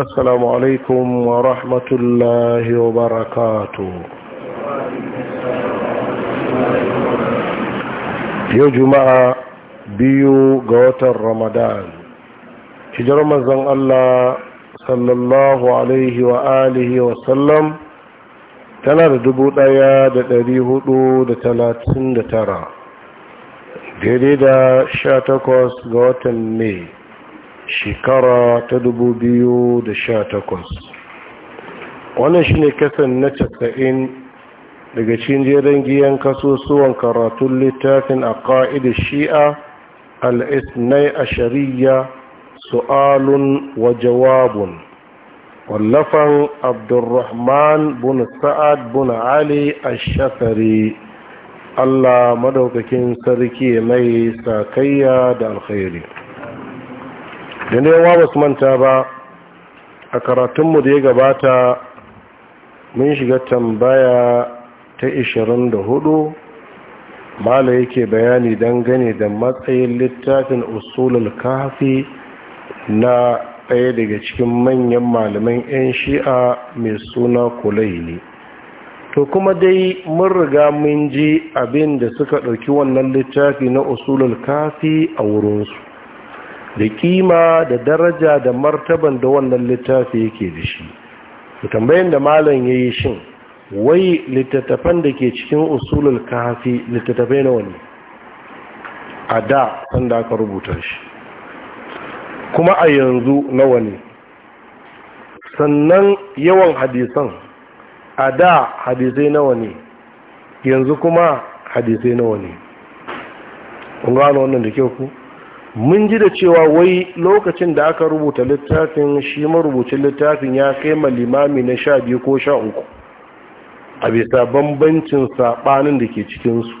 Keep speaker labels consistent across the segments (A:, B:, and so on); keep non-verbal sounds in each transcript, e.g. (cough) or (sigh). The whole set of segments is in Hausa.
A: السلام عليكم ورحمة الله وبركاته يا جماعة بيو قوات رمضان شجر مزن الله صلى الله عليه وآله وسلم tana da dubu ɗaya da ɗari hudu da talatin da tara daidai da sha takwas ga watan mai shekara ta dubu biyu da sha takwas. wannan shine kasan na casa'in daga cikin jerin giyan kasusuwan karatun littafin a ƙa'idar shi'a al'isnai a shari'a su'alun wa jawabun wallafan abdurrahman bin sa'ad bin ali a shafari allah madaukakin sarki mai sakayya da alkhairi da yawa ba su manta ba a karatunmu da ya gabata mun shiga tambaya ta 24 mala yake bayani gane da matsayin littafin usulul kafi na ɗaya daga cikin manyan malaman 'yan shi'a mai suna Kulai ne, to kuma dai mun riga mun ji abin da suka ɗauki wannan littafi na usulul kafi a wurinsu da kima da daraja da martaban da wannan littafi yake da shi da tambayin da malam ya yi shin wai littattafan da ke cikin usulul kafi littattafai na wani a da sanda aka rubuta shi kuma a yanzu na wani sannan yawan hadisan a da hadisai nawa ne yanzu kuma hadisai nawa ne kun wannan da kyau ku mun ji da cewa wai lokacin da aka rubuta littafin shi marubucin littafin ya kai ma limami na sha biyu ko sha uku a bisa bambancin saɓanin da ke cikinsu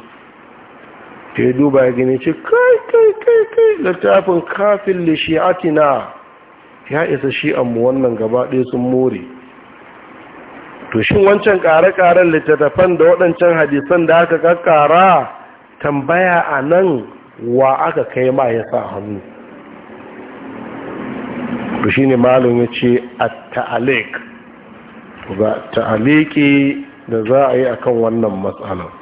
A: ke duba ya gani ce kai kai kai kai littafin kafin da ya isa shi, amma wannan gaba ɗaya sun more to shin wancan ƙare-ƙaren littattafan da waɗancan hadisan da aka ƙaƙara tambaya a nan wa aka kai ma ya sa hannu ku shi ne malon ya ce a ta'alik ga ta'aliki da za a yi akan wannan matsalar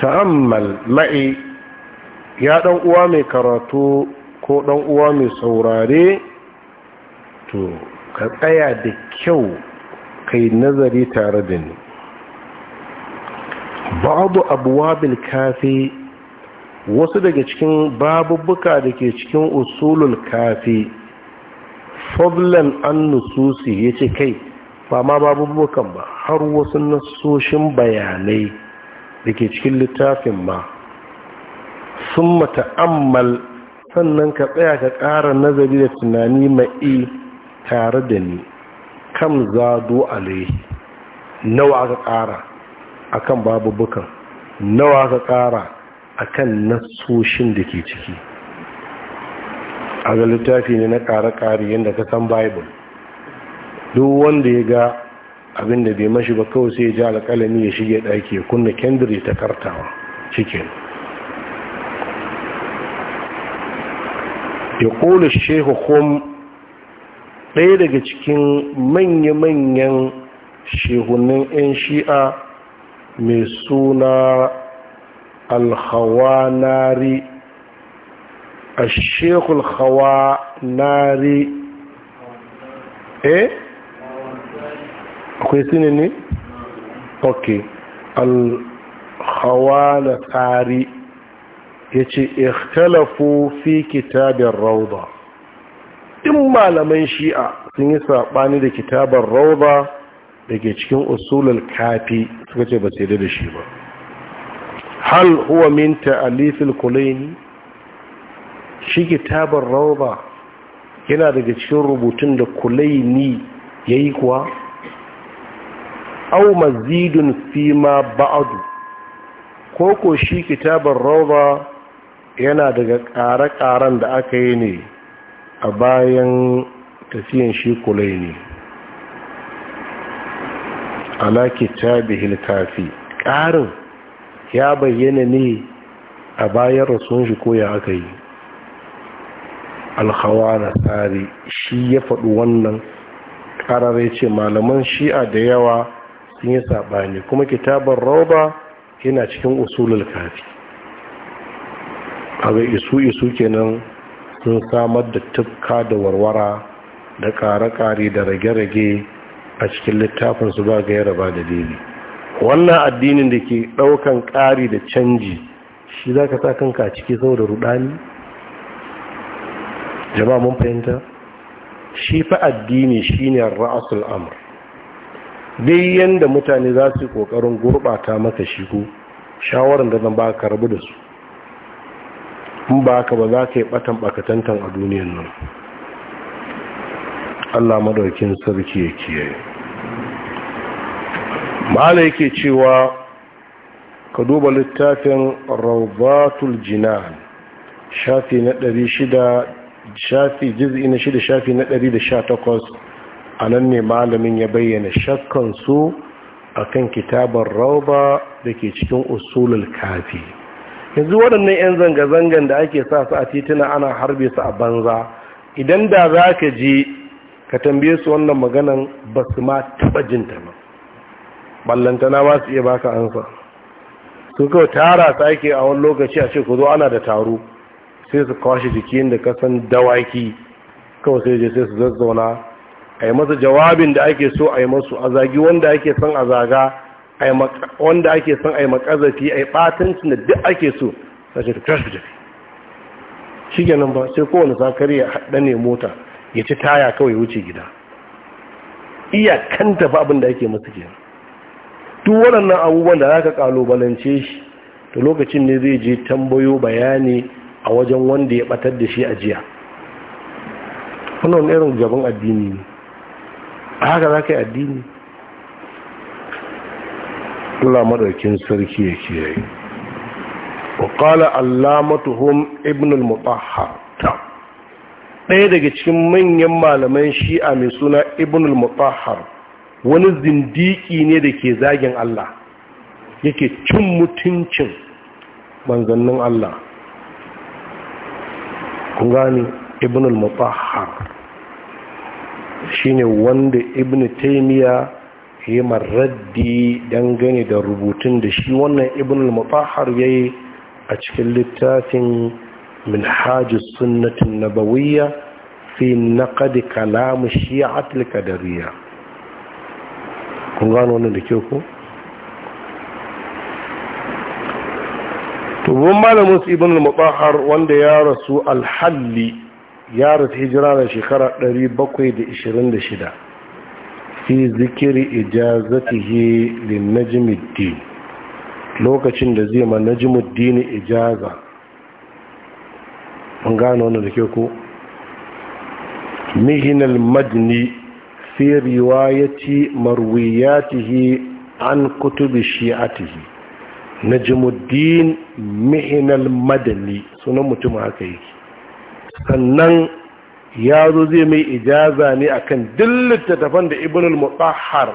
A: ta'ammal ma'i ya ɗan uwa mai karatu ko ɗan uwa mai saurare to ka tsaya da kyau kai nazari tare da ni ba'adu abuwabil kafi wasu daga cikin babubuka da ke cikin usulul kafi fadlan an nususi ce kai ba ma babubukan ba har wasu nasoshin bayanai da ke cikin littafin ma sun mata'ammal sannan ka tsaya ka ƙara nazari da tunani mai tare da ni kam zado alai nawa aka ƙara akan babubukan nawa ka ƙara akan nasoshin da ke ciki a ga littafi ne na ƙare-ƙare yadda ka san bible duk wanda ya ga abinda bai mashi ba kawai sai ya ji alƙalami ya shige ɗaki kunna kendri ta kartawa cikin ya ƙola shehu home ɗaya daga cikin manya-manyan shehunan 'yan shi'a mai suna alhawanari a shekul hawanari eh akwai sini ne? ok alhawanari ya ce ikhtalafu fi kitabin rauda in malaman shi'a sun yi saɓani da kitabin rauda da cikin usulul kafi suka ce ba sai da shi ba hal huwa min ta'alifil kulaini shi kitabar rauba yana daga cikin rubutun da kulaini yayi kuwa aw mazidun fima ba'du ko ko shi kitabar roba yana daga ƙare-ƙaren da aka yi ne a bayan tafiyan shi kulaini ala kitabihil kafi ƙarin ya bayyana ne a bayan rasuwan shi ko ya aka yi alhawa na tsari shi ya faɗi wannan ƙarar ya ce malaman shi'a da yawa sun yi saɓani kuma kitabar rauba yana cikin usulul kafi aga isu-isu kenan sun samar da tufka da warwara da ƙare-ƙare da rage-rage a cikin littafin su ba Yaraba da dalili wannan addinin da ke ɗaukan ƙari da canji shi za ka kanka a ciki saboda rudani jama'a mun fahimta shi fa addini shine ra'asul amr dai yanda mutane za su ƙoƙarin gurbata maka shi ko shawaran da zan baka ka rabu da su in ba ka ba za ka yi batan bakatantan a duniyan nan Allah madaukin sarki ya kiyaye mala yake cewa ka duba littafin rawbatul jinan shafi na 600 shafi juz'i na 6 shafi na 118 anan ne malamin ya bayyana shakkan su akan kitabar rawba da ke cikin usulul kafi yanzu waɗannan 'yan zanga-zangan da ake sa su a tituna ana harbe su a banza idan da za ka je ka tambaye su wannan maganan ba su ma taɓa jinta ba ballantana ba su iya baka ansa su kawai tara su ake a wani lokaci a ce ku zo ana da taro sai su kwashe jikin da kasan dawaki kawai sai je sai su zazzauna a yi masa jawabin da ake so a yi masu a zagi wanda ake son a zaga wanda ake son a yi makazafi a yi batancin da duk ake so sai ta tashi jiki shi ba sai kowane sakari ya haɗa ne mota ya ci taya kawai wuce gida iyakan tafi abin da ake masu ke duk waɗannan abubuwan da za ka ƙalubalance shi to lokacin ne zai je tambayo bayani a wajen wanda ya batar da shi a jiya wannan irin gaban addini ne a haka za ka yi addini Allah maɗaukin sarki ya kiyaye ƙwaƙala qala allamatuhum ibn al mutahar ɗaya daga cikin manyan malaman shi'a mai suna ibn al mutahar wani zindiki ne da ke zagin Allah yake cin mutuncin manzannin Allah kun gani ibn al shi shine wanda ibn taimiyya ya raddi dangane da rubutun da shi wannan ibn al ya yayi a cikin littafin منحاج السنة النبوية في نقد كلام الشيعة القدرية kun gano wannan da kyau ko tubun malamin su ibn al-mutahhar wanda ya rasu alhalli ya rasu hijira da shekara shida. fi zikiri ijazatihi lin najmuddin lokacin da zai ma najmuddin ijaza an gano wannan da ke ko mihinal majni fi riwayati marwiyatihi an kutubi shi'atihi najmuddin mihinal madani sunan mutum haka yake sannan ya zo zai mai ijaza ne akan duk littattafan da ibn al-mutahhar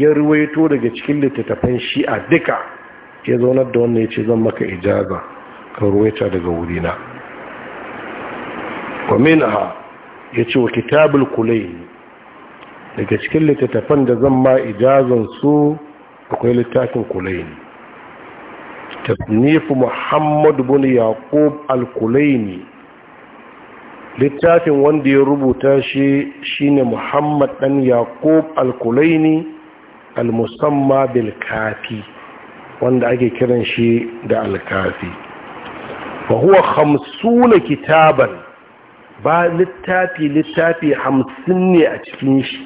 A: ya ruwaito daga cikin littattafan shi'a duka ya zaunar da wannan ya ce zan maka ijaza ka ruwaita daga wurina wa ya ce wa kitabul kulayn daga cikin littattafan da zan ma ijazan su akwai littafin ne. Tasnifu Muhammadu bin yaqub al-kulayn littafin wanda ya rubuta shi shine muhammad dan yaqub al-kulayn al-musamma bil kafi wanda ake kiran shi da al-kafi wa huwa 50 kitaban ba littafi littafi hamsin ne a cikin shi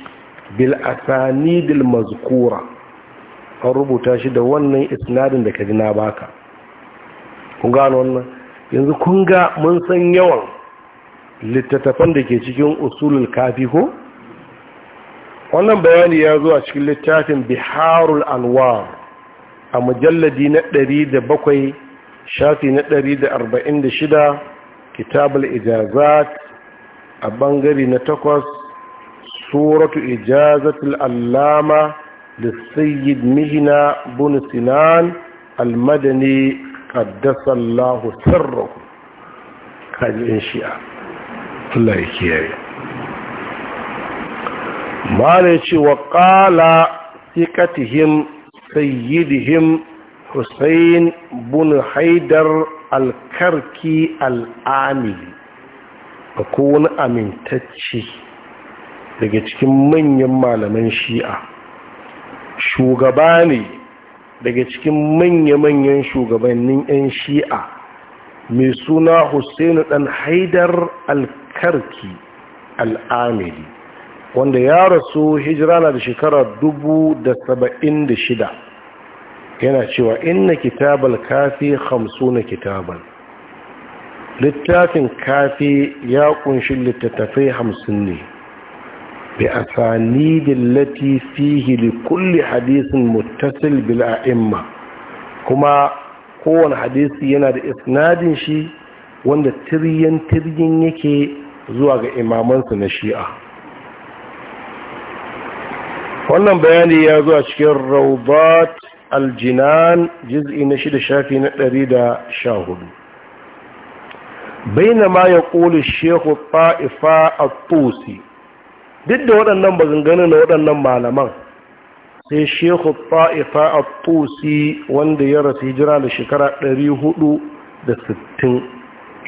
A: bil asanidil mazkura an rubuta shi da wannan isnadin da kaji na baka kun gano wannan yanzu kun ga mun san yawan littattafan da ke cikin usulul kafi ko wannan bayani ya zo a cikin littafin biharul anwar a mujalladi na 107 shafi na 146 kitabul ijazat a bangare na takwas suratu ijazatul allama da sayyid mihina bin sinan almadani qaddasallahu sirruhu kaji shi'a Allah ya kiyaye mala ya ce wa ƙala sikatihim sayyidihim hussain bin haidar alkarki al'amili akwai wani amintacce daga cikin manyan malaman shi'a shugaba ne daga cikin manya-manyan shugabannin 'yan shi'a mai suna hussainu dan haidar alkarki al'amiri wanda ya rasu hijira na da shekara shida, yana cewa inna kitabal kafi hamsu na kitabal littafin kafi ya kunshi littattafai hamsin ne bi asanidin lati fihi da kulle hadisin muttasil bil'a'imma kuma kowane hadisi yana da isnadin shi wanda tiryan tiryan yake zuwa ga imamansa na shi'a wannan bayani ya zuwa cikin raubat aljinan jiz'i na shida shafi na ɗari sha hudu bainama ya ƙoli shehu ta'ifa a duk da waɗannan waɗannan malaman sai shehu Fa'ifa a wanda ya rasu hijira da shekara 460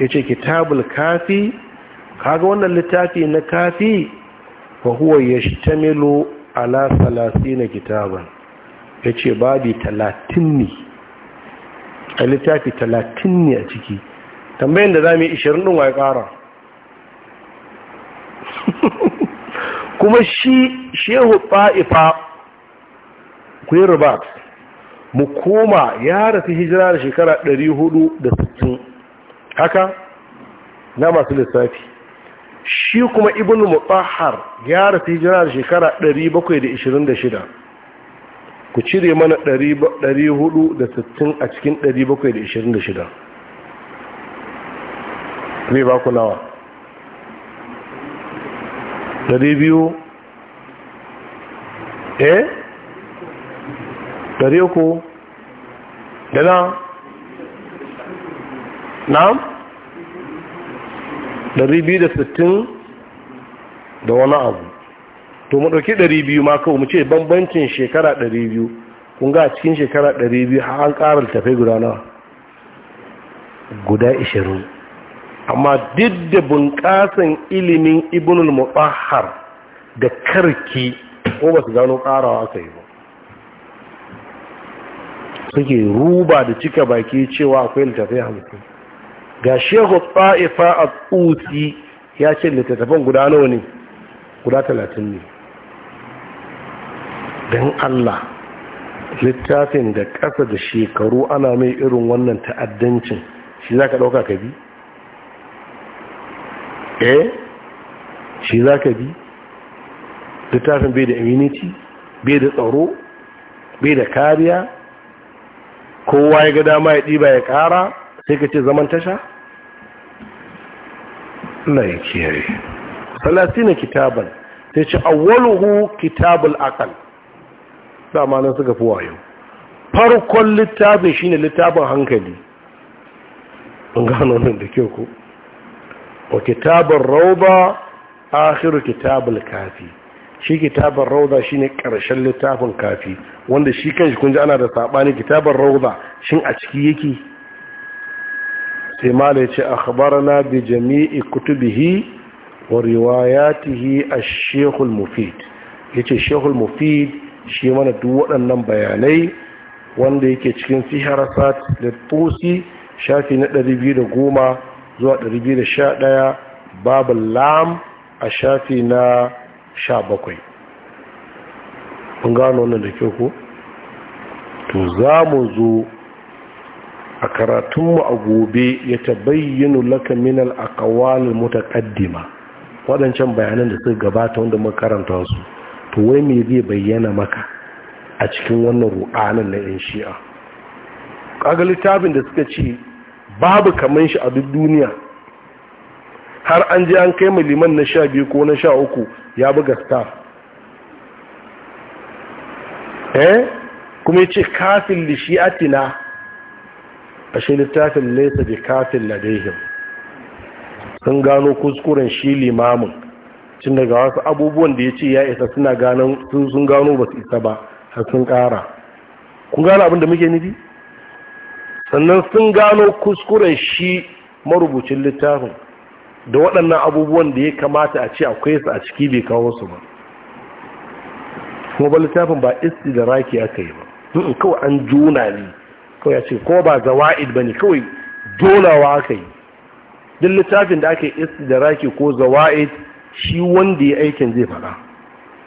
A: ya ce kitabul kafi kaga wannan littafi na kafi fa huwa ya shtamilu ala salasi na kitaban ya ce babi talatin ne a littafi talatin ne a ciki tambayin da za mu yi ishirin ɗin waye ƙara (laughs) kuma shi shehu ɗa'ifa ku mu koma ya rafi hijira da shekara 460 haka na masu lissafi shi kuma ibn mutahar ya rafi hijira da shekara 726 ku cire mana 460 a cikin 726 zai ba ku nawa dari biyu eh dari uku da na dari biyu da sittin da wani abu to mu ɗauki dari biyu ma kawo mu ce bambancin shekara dari biyu kun ga cikin shekara dari biyu an ƙarar tafai guda nawa guda ishirin amma duk da bunƙasan ilimin ibnul mutahhar da karki ko ba su gano ƙarawa aka yi ba suke ruba da cika baki cewa akwai littattafai hamsin ga shehu tsa'ifa a tsutsi ya ce littattafan guda nawa ne guda talatin ne don allah littafin da ƙasa da shekaru ana mai irin wannan ta'addancin shi za ka ɗauka ka bi eh shi za ka bi littafin bai da immunity bai da tsaro bai da kariya kowa ya ga dama ya ɗiba ya ƙara sai ka ce zaman tasha? na yi kiyaye. Salasina kitabal sai ce awwaluhu kitabul akal dama nan suka fi wayo farkon littafin shine littafin hankali an gano nan da kyau ko wa kitabun rauba akhiru kitabul kafi shi kitabun rauda shine karshen littafin kafi wanda shi kanshi kun ji ana da sabani kitabun rauda shin a ciki yake sai mala ya ce akhbarana bi jami'i kutubihi wa riwayatihi ash-shaykh al-mufid yace shaykh al-mufid shi mana duk waɗannan bayanai wanda yake cikin fiharasat da tusi shafi na 210 zuwa 211 babu lam a shafi na 17 kun gano wannan da kyau ko to za mu zo a karatunmu a gobe ya tabayyinu laka min al-aqwal mutaqaddima waɗancan bayanan da suka gabata wanda muka karanta su to wai me zai bayyana maka a cikin wannan ru'anan na yan shi'a kaga littafin da suka ce babu kamar shi a duk duniya har an je an kai liman na sha biyu ko na sha uku ya buga staff eh kuma ya ce kafin da lishiyatina a shi littafin laisa da kafin ladaihim sun gano kuskuren shi limamin cin daga wasu abubuwan da ya ce ya isa suna ganin sun gano ba su isa ba har sun kara kun gano abinda muke nufi sannan sun gano kuskuren shi marubucin littafin da waɗannan abubuwan da ya kamata a ce akwai su a ciki bai kawo su ba kuma ba littafin ba isti da raki aka yi ba kawai an juna ne kawai ya ce ko ba zawa'id ba ne kawai donawa aka yi duk littafin da aka yi isti da raki ko zawa'id shi wanda ya aikin zai faɗa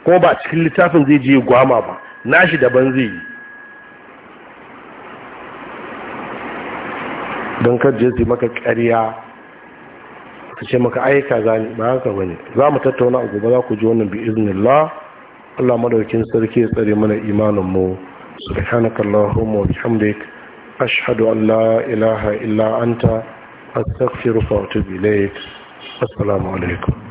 A: ko ba cikin littafin zai je gwama ba nashi daban zai yi don karje su maka ƙarya su ce maka aika za ba haka ba ne za mu tattauna a gobe za ku ji wannan bi iznillah Allah madaukin sarki ya tsare mana imanin mu subhanakallahumma wa bihamdik ashhadu an la ilaha illa anta astaghfiruka wa atubu ilayk assalamu alaikum